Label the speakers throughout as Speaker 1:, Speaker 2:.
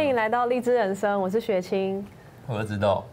Speaker 1: 歡迎來到荔枝人生，我是學青。我是子斗。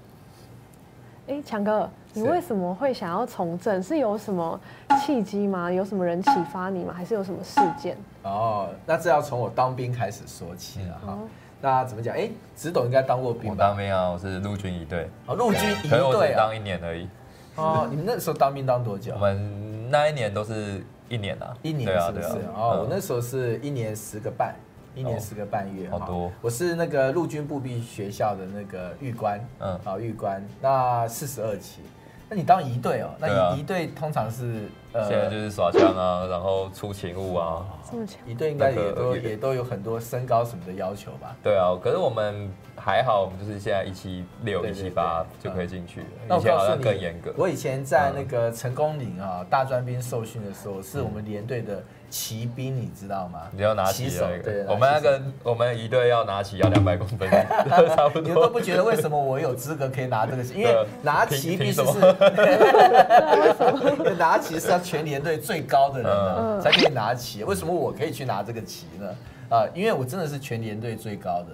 Speaker 1: 哎、欸，強哥，你為什麼會想要從政？是,是有什麼契機嗎？有什麼人啟發你嗎？還是有什麼事件？哦，那這要從我當兵開始說起啊！哈，那怎麼講？哎、欸，子斗應該當過兵。我當兵啊，我是陸軍儀隊。哦，陸軍儀隊、啊。可我只當一年而已。哦，你們那時候當兵當多久？ 我們那一年都是一年啊，一年是,是對啊。對啊哦，嗯、我那時候是一年十個半。Oh, 一年四個半月，好多好。我是那個陸軍步兵學校的那個預官，嗯，啊，預官。那四十二期，那你當儀隊哦？啊、那儀隊通常是？呃，現在就是耍槍啊，然後出勤務啊。這麼強，一隊應該也都也都有很多身高什麼的要求吧？對啊，可是我們還好，我們就是現在一七六一七八就可以進去。以前好像更嚴格。我以前在那個成功嶺啊，大專兵受訓的時候，是我們連隊的騎兵，你知道嗎？你要拿旗手，對，我們那個我們一隊要拿旗要兩百公分，差不多，你們都不覺得為什麼我有資格可以拿這個？因為拿旗必須是。為什麼？拿起手。全聯隊最高的人呢才可以拿旗，為什麼我可以去拿這個旗呢？啊，因為我真的是全聯隊最高的。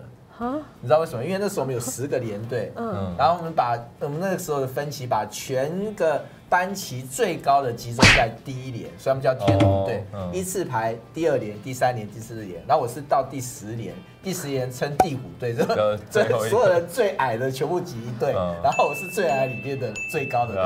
Speaker 1: 你知道為什麼？因為那時候我們有十個聯隊，嗯，然後我們把我們那個時候的分歧，把全個。班旗最高的集中在第一連，所以他們叫天龍隊，依次排第二連、第三連、第四連然後我是到第十連，第十連稱地虎隊，這這所有人最矮的全部集一隊，嗯、然後我是最矮裡面的最高的，所、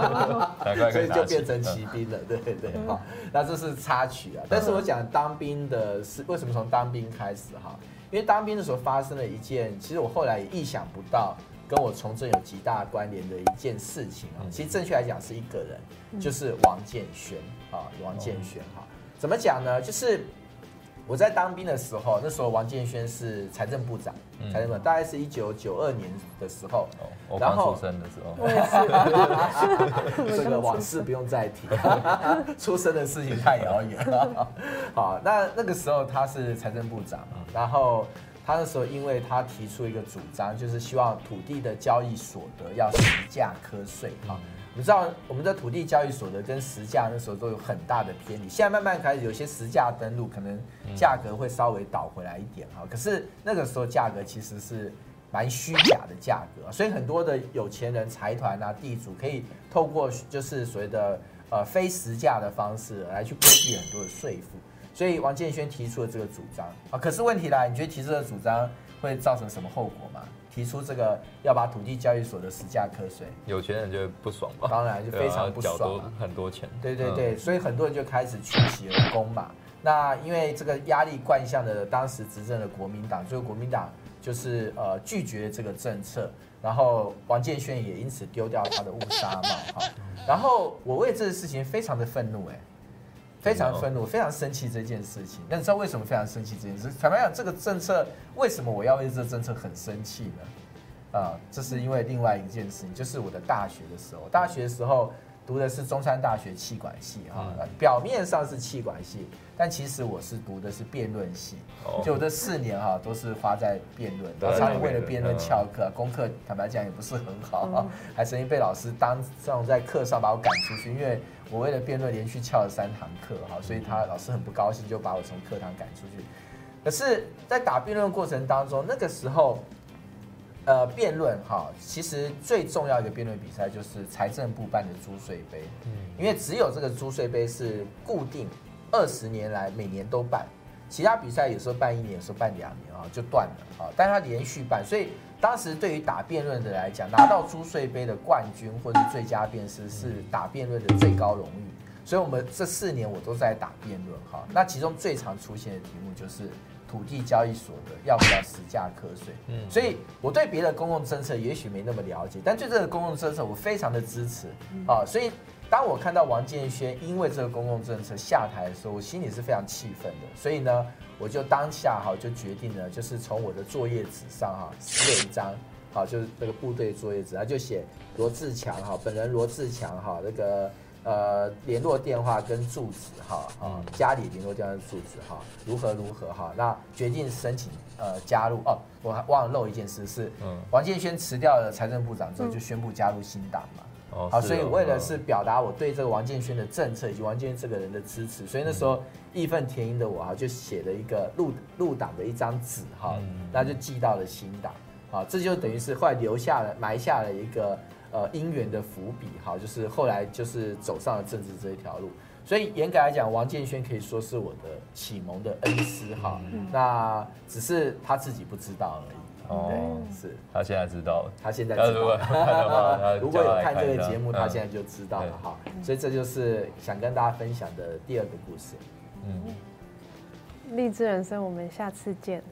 Speaker 1: 啊、哈以就，就變成騎兵了，嗯、對對哈、嗯哦。那這是插曲啊，嗯、但是我講當兵的是為什麼從當兵開始哈？因為當兵的時候發生了一件，其實我後來也意想不到。跟我從政有極大關聯的一件事情啊，其實正確來講是一個人，就是王建煊啊，王建煊哈，怎麼講呢？就是我在當兵的時候，那時候王建煊是財政部長，財政部長大概是一九九二年的時候，然後出生的時候，這個往事不用再提，出生的事情太遙遠。好，那那個時候他是財政部長，然後。他那時候，因為他提出一個主張，就是希望土地的交易所得要實價課稅。哈，你知道，我們的土地交易所得跟實價那時候都有很大的偏離。現在慢慢開始有些實價登錄，可能價格會稍微倒回來一點。哈，可是那個時候價格其實是蠻虛假的價格，所以很多的有錢人、財團啊、地主可以透過就是所謂的呃非實價的方式來去規避很多的稅負。所以王建煊提出了這個主張啊，可是問題來了，你覺得提出的主張會造成什麼後果嗎？提出這個要把土地交易所的實價課稅，有錢人就不爽吧？當然就非常不爽，啊、很多錢。對對對，嗯、所以很多人就開始群起而攻嘛。那因為這個壓力貫向的當時執政的國民黨，所以國民黨就是呃拒絕了這個政策，然後王建煊也因此丟掉他的烏紗帽。哈，然後我為這個事情非常的憤怒、欸，哎。對哦、非常憤怒，非常生氣這件事情。那你知道為什麼非常生氣這件事情？坦白講，這個政策為什麼我要為這個政策很生氣呢？啊、呃，這是因為另外一件事情，就是我的大學的時候，大學的時候。讀的是中山大學企管系，哈，啊、表面上是企管系，但其實我是讀的是辯論系。就，哦、我這四年哈、啊，都是花在辯論。我常對常為了辯論翹課，嗯、功課坦白講也不是很好，嗯、還曾經被老師當這種，在課上把我趕出去，因為我為了辯論連續翹了三堂課哈，所以他老師很不高興，就把我從課堂趕出去。可是，在打辯論過程當中，那個時候。呃，辯論哈，其實最重要一個辯論比賽就是財政部辦的租稅盃，因為只有這個租稅盃是固定二十年來每年都辦，其他比賽有時候辦一年，有時候辦兩年啊就斷了啊，但它連續辦，所以當時對於打辯論的來講，拿到租稅盃的冠軍或是最佳辯士是打辯論的最高榮譽，所以我們這四年我都在打辯論哈，那其中最常出現的題目就是，土地交易所的要不要實價課稅？嗯，所以我對別的公共政策也許沒那麼了解，但對這個公共政策我非常的支持、嗯、啊！所以當我看到王建煊因為這個公共政策下台的時候，我心裡是非常氣憤的。所以呢，我就當下哈就決定呢，就是從我的作業紙上哈撕了一張，好就是那個部隊作業紙，他就寫羅智強哈，本人羅智強哈那個。呃，聯絡電話跟住址哈，嗯，家裡聯絡電話跟住址哈，如何如何哈，那決定申請呃加入哦，我還忘了漏一件事是，王建煊辭掉了財政部長之後就宣佈加入新黨嘛，哦、嗯，好，所以為了是表達我對這個王建煊的政策以及王建煊這個人的支持，所以那時候義憤填膺的我哈、啊、就寫了一個入入黨的一張紙哈，嗯、那就寄到了新黨，啊，這就等於是後來留下了埋下了一個。呃，姻緣的伏筆，好，就是後來就是走上了政治這一條路，所以嚴格來講，王建煊可以說是我的啟蒙的恩師，好，嗯、那只是他自己不知道而已。哦、嗯，是他現在知道，他現在知道了，啊。如果有看， 看這個節目，他現在就知道了哈。嗯，所以這就是想跟大家分享的第二個故事。嗯，荔枝人生，我們下次見。